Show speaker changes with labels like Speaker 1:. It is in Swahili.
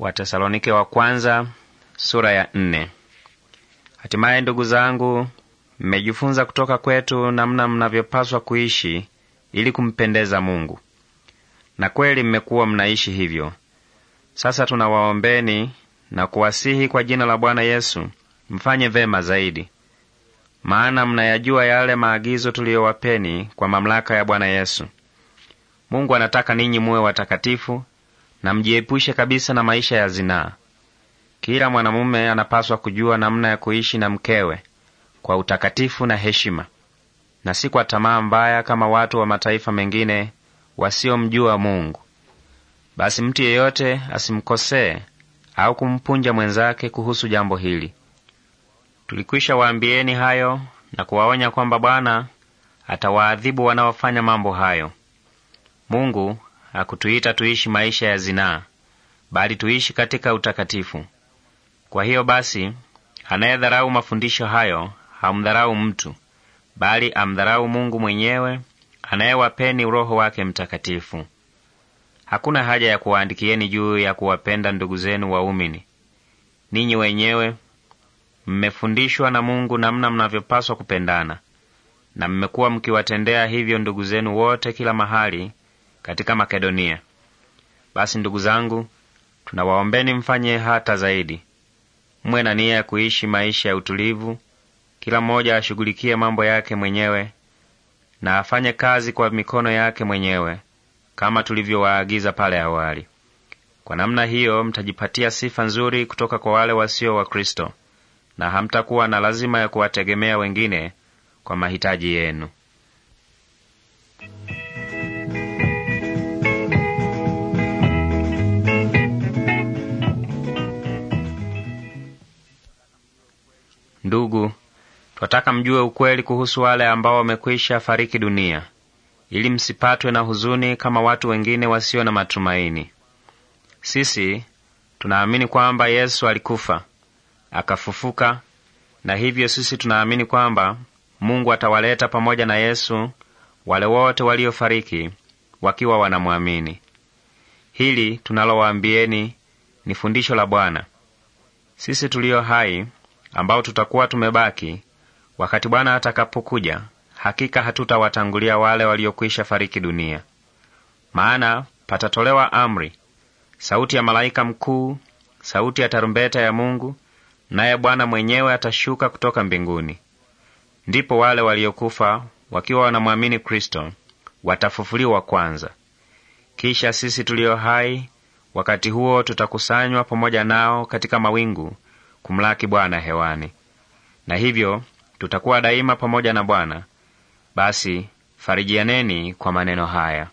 Speaker 1: Watesalonike wa kwanza, sura ya nne. Hatimaye ndugu zangu, mmejifunza kutoka kwetu namna mnavyopaswa kuishi ili kumpendeza Mungu, na kweli mmekuwa mnaishi hivyo. Sasa tunawaombeni na kuwasihi kwa jina la Bwana Yesu mfanye vema zaidi, maana mnayajua yale maagizo tuliyowapeni kwa mamlaka ya Bwana Yesu. Mungu anataka ninyi muwe watakatifu na mjiepushe kabisa na maisha ya zinaa. Kila mwanamume anapaswa kujua namna ya kuishi na mkewe kwa utakatifu na heshima, na si kwa tamaa mbaya kama watu wa mataifa mengine wasiomjua Mungu. Basi mtu yeyote asimkosee au kumpunja mwenzake kuhusu jambo hili. Tulikwisha waambieni hayo na kuwaonya kwamba Bwana atawaadhibu wanaofanya mambo hayo. Mungu hakutuita tuishi maisha ya zinaa, bali tuishi katika utakatifu. Kwa hiyo basi, anayedharau mafundisho hayo hamdharau mtu, bali amdharau Mungu mwenyewe anayewapeni Roho wake Mtakatifu. Hakuna haja ya kuwaandikieni juu ya kuwapenda ndugu zenu waumini. Ninyi wenyewe mmefundishwa na Mungu namna mnavyopaswa kupendana, na mmekuwa mkiwatendea hivyo ndugu zenu wote kila mahali katika Makedonia. Basi ndugu zangu, tunawaombeni mfanye hata zaidi, mwe na nia ya kuishi maisha ya utulivu, kila mmoja ashughulikie mambo yake mwenyewe na afanye kazi kwa mikono yake mwenyewe kama tulivyowaagiza pale awali. Kwa namna hiyo mtajipatia sifa nzuri kutoka kwa wale wasio wa Kristo, na hamtakuwa na lazima ya kuwategemea wengine kwa mahitaji yenu. Ndugu, twataka mjue ukweli kuhusu wale ambao wamekwisha fariki dunia, ili msipatwe na huzuni kama watu wengine wasio na matumaini. Sisi tunaamini kwamba Yesu alikufa akafufuka, na hivyo sisi tunaamini kwamba Mungu atawaleta pamoja na Yesu wale wote waliofariki wakiwa wanamwamini. Hili tunalowaambieni ni fundisho la Bwana. Sisi tulio hai ambao tutakuwa tumebaki, wakati Bwana atakapokuja, hakika hatutawatangulia wale waliokwisha fariki dunia. Maana patatolewa amri, sauti ya malaika mkuu, sauti ya tarumbeta ya Mungu, naye Bwana mwenyewe atashuka kutoka mbinguni. Ndipo wale waliokufa wakiwa wanamwamini Kristo watafufuliwa kwanza. Kisha sisi tulio hai wakati huo tutakusanywa pamoja nao katika mawingu kumlaki Bwana hewani, na hivyo tutakuwa daima pamoja na Bwana. Basi farijianeni kwa maneno haya.